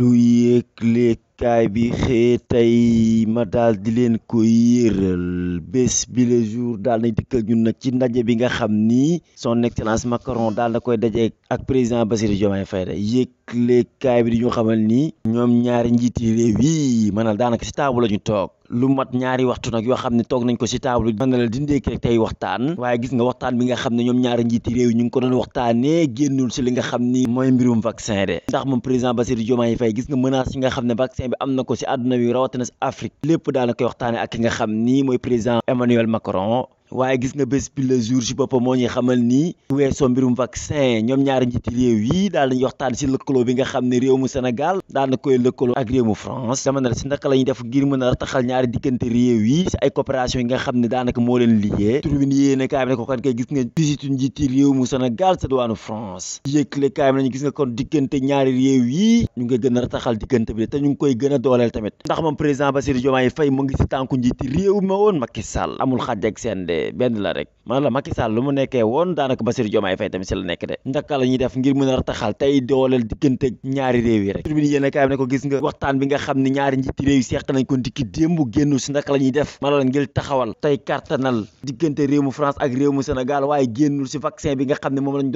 lu yégle kaay bi xëy tey ma daal di leen ko yéeral bés bi le jour daal nañ dikkal ñun nag ci ndaje bi nga xam ni son excellence Macron daal na koy daje ak président Bassirou Diomaye Faye yëgle kaay bi di ñu xamal ni ñoom ñaari njiiti réew yi maanaam daanaka si taabu la ñu toog lu mat ñaari waxtu nag yoo xam ne toog nañ ko si taabu mën na la dindeek rek tey waxtaan waaye gis nga waxtaan bi nga xam ne ñoom ñaari njiiti réew yi ñu ngi ko doon waxtaanee génnul si li nga xam ni mooy mbirum ne bi am na ko si àdduna wi rawatina si Afrique lépp daana koy waxtaane ak ki nga xam nii mooy président Emmanuel Macron waaye gis nga bés pile le jour ci boppam moo ñuy xamal nii weesoo mbirum vaccin ñoom ñaari njiiti réew yi daal dañuy waxtaan si lëkkaloo bi nga xam ne réew mu Sénégal daal na koy lëkkaloo ak réew mu France dama ne ci naka la ñuy def ngir mën a taxal ñaari diggante réew yi ay coopération yi nga xam ne daanaka moo leen liggéey turbine yéene kaay bi ne ko kan kay gis nga visitu njiiti réew mu Sénégal sa diwaanu France yëkkale kaay nañu gis nga kon diggante ñaari réew yi ñu nga gën a taxal diggante bi te ñu ngi koy gën a dooleel tamit ndax moom président Bassirou Diomaye Faye ngi ci tànku njiiti réew ma woon Macky amul xàjj ak seen benn la rek maanaam Macky Sall lu mu nekkee woon daanaka Bassirou Diomaye Faye tamit si la de ndaka def ngir mën a rataxal tey dooleel diggante ñaari réew rek tur bi yéen kaay ne ko gis la ñuy def maanaam ngir taxawal tey kartanal diggante réew mu France ak réew mu Sénégal waaye génnul si vaccin bi nga xam ne moom lañ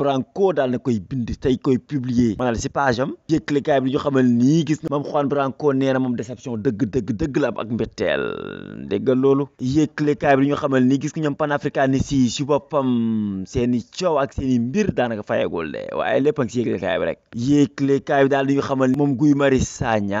Branco daal na koy bind tey koy publier maanaam si page am yëkkale kaay nii gis na moom Juan Branco nee na moom déception dëgg dëgg dëgg la am ak mbetteel déggal loolu yëglekaay bi ñu xamal ni gis nga ñoom panafricanistes yi si boppam seen i coow ak seen mbir daanaka fayagul de waaye lépp ak si yëglekaay bi rek yëglekaay bi daal ñu xamal moom Guy Marius Sagna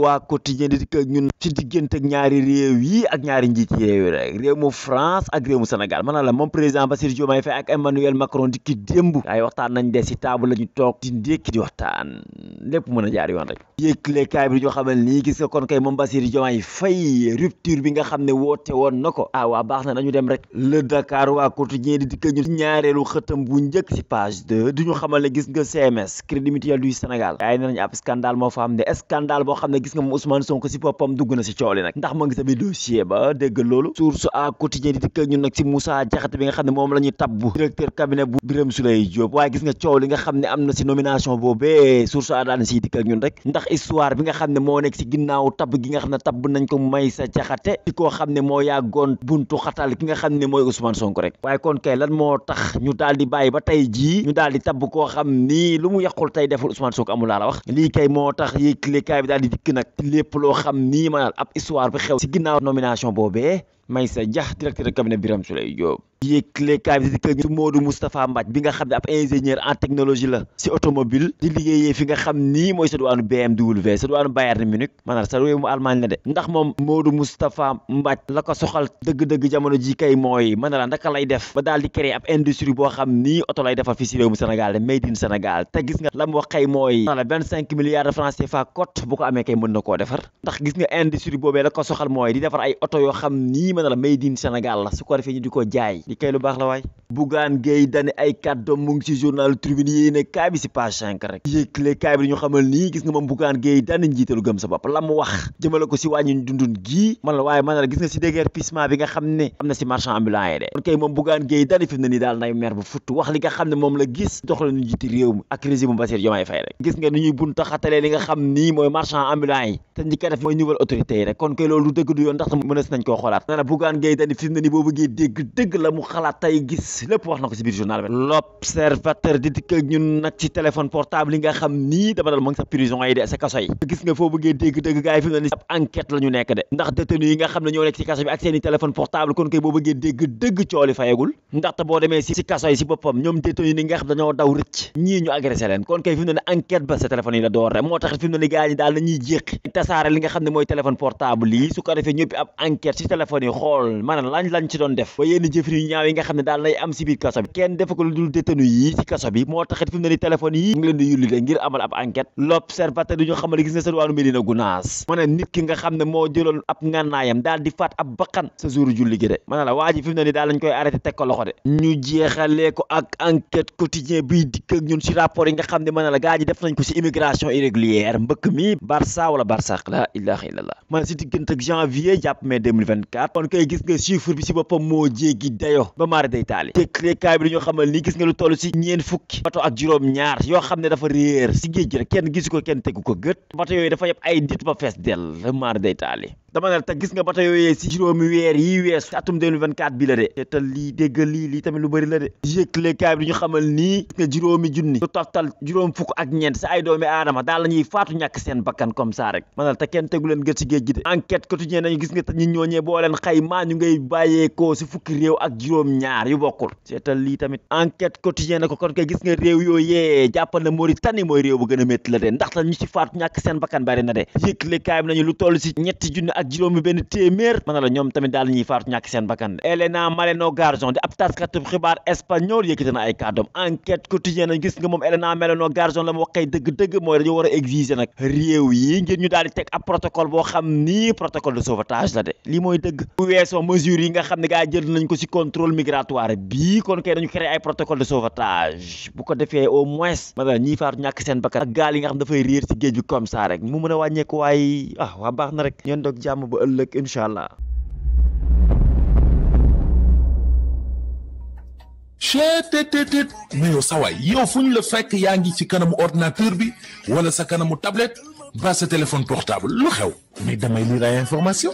waa quotidien di dikk ak ñun ci diggante ak ñaari réew yi ak ñaari njiit yeeyu rek réew mu France ak réew mu Sénégal mën na la moom président Bassirou Diomaye Faye ak Emmanuel Macron di ki démb ay waxtaan nañ des ci table la ñu toog di ndékki di a jaar yoon rek yëkkle kaay bi nga rupture bi nga xam ne woote woon na ko ah waa baax na nañu dem rek le Dakar waa quotidien di dikk ñun ñaareelu xëtam bu njëkk ci page de di ñu xamal ne gis nga CMS Crédit Mutuel du Sénégal ay nañ ab scandale moo fa ne scandale boo xam ne gis gis nga na si coow li nag ndax ma ngi sa bi dossier ba dégg loolu source à quotidien di dikk ñun nag si Moussa Diakhaté bi nga xam ne moom la ñuy tabbu directeur cabinet bu Birame Souleye Diop waaye gis nga coow nga xam ne am na si nomination boobee source à daan siy dikk ak ñun rek ndax histoire bi nga xam ne moo nekk si ginnaaw tabb gi nga xam ne tabb nañ ko Maysa Diakhaté ci koo xam ne moo yàggoon buntu xatal ki nga xam ne mooy Ousmane Sonko rek waaye kon kay lan moo tax ñu daal koo xam ni lu mu yàqul tey deful Ousmane Sonko amul laa la wax nag lépp loo xam nii maanaam ab histoire bi xew si ginnaaw nomination boobee Maysa Dia directeur de cabinet Birame Souleye Diop yéegle kaay bi di kër gi Modou Moustapha Mbaj bi nga xam ne ab ingénieur en technologie la si automobile di liggéeyee fi nga xam nii mooy sa duwaanu BMW sa duwaanu Bayern Munich maanaam sa réew mu Allemagne la de ndax moom Modou Moustapha Mbaj la ko soxal dëgg-dëgg jamono ji kay mooy mën na la lay def ba daal di créer ab industrie boo xam nii oto lay defar fii si réew mu Sénégal de made la mu wax kay mooy na la vingt cinq milliards de francs CFA cote bu ko amee kay mën na koo defar di ne la made Sénégal la su ko defee ñu di ko jaay di kay lu baax la waay Bougane Gueye Dany ay kàddoom mu ngi journal Tribune yéene kaay si page cinq rek yëkkale kaay bi ñu xamal nii gis nga moom Bougane Gueye Dany njiitalu gëm sa bopp wax jëmale ko si wàññi dundun gii man la waaye man la gis nga si déguerpissement bi nga xam ne na si marchand ambulant yi de kon kay moom Bougane Gueye Dany fi mu daal nay mer bu futt wax li xam ne moom la gis doxale nu jiiti te ñi ko def mooy nouvelle autorité yi rek kon koy loolu dëgg du yoon ndax tam mënees nañ koo xoolaat nee na Bougane Gueye Dany fi ni boo bëggee dégg dëgg la mu na ko sa enquête la nekk de ndax détenu yi nga xam ne ñoo nekk si kaso bi ak seen i téléphone kon koy boo bëggee dégg dëgg cooli fayagul ndaxte boo demee si kaso yi si boppam ñoom détenu yi nga xam dañoo daw rëcc ñii ñu agressé kon koy fi mu ni enquête ba sa téléphone tasaare li nga xam ne mooy téléphone portable yi su ko defee ab enquête ci téléphone yi xool maanaam lañ lañ ci doon def ba yenn jëfin yu nga xam ne daal lay koy arrêté teg ko loxo de ñu jeexalee ak enquête quotidien biy dikk ñun ci rapport yi nga xam ne mën la gaa def nañ ko immigration irrégulière mbëkk mi Barça wala Barça barsàq la ilaha illallah maanaam si diggante ak janvier jàpp mai 2024 kon koy gis nga chiffre bi si boppam moo jéegi dayo ba maara day taali décret bi dañoo xamal ni gis nga lu toll si ñeen fukki bato ak juróom ñaar yoo xam ne dafa réer si géej gi kenn gisu ko kenn tegu ko gët bato yooyu dafa yëpp ay dit ba fees dell maara day taali dama ne gis nga ba tey yooyee si juróomi weer yi weesu atum 2024 bi la de te lii déggal lii lii tamit lu bëri la de ay doomi aadama daal la ñuy faatu ñàkk seen bakkan comme ça rek manal te kenn tegu leen gët si géej gi de enquête quotidien nañu gis nga te ñi boo leen xaymaa ñu ngay bàyyeekoo juróom ñaar yu bokkul seetal lii tamit enquête quotidien na ko kon koy gis nga réew yooyee jàppal na Mauritanie mooy réew bu gën a métti la de ndaxte ñu si faatu ñàkk seen bakkan bari na de yëkkale kaay bi nañu lu toll si ñetti junni ak juróomi benn téeméer mën ñoom tamit daal ñuy faatu ñàkk seen bakkan Elena Maleno Garzón di ab taskatub xibaar espagnol yëkkati na ay kàddoom enquête quotidienne gis nga moom Elena Maleno Garzón la mu waxee dëgg-dëgg mooy a daal di teg ab protocole boo xam ni protocole de sauvetage la de lii mooy dëgg bu weesoo nga xam ne gaa jël nañ ko si contrôle migratoire bii kon kay dañu créé ay protocole de sauvetage bu ko defee au moins mën a jàmm ba ëllëg incha allah. chetttt mais yow sawaay yow fu la fekk yaa ngi ci kanamu ordinateur bi wala sa kanamu tablette ba sa téléphone portable lu xew mais damay lire ay information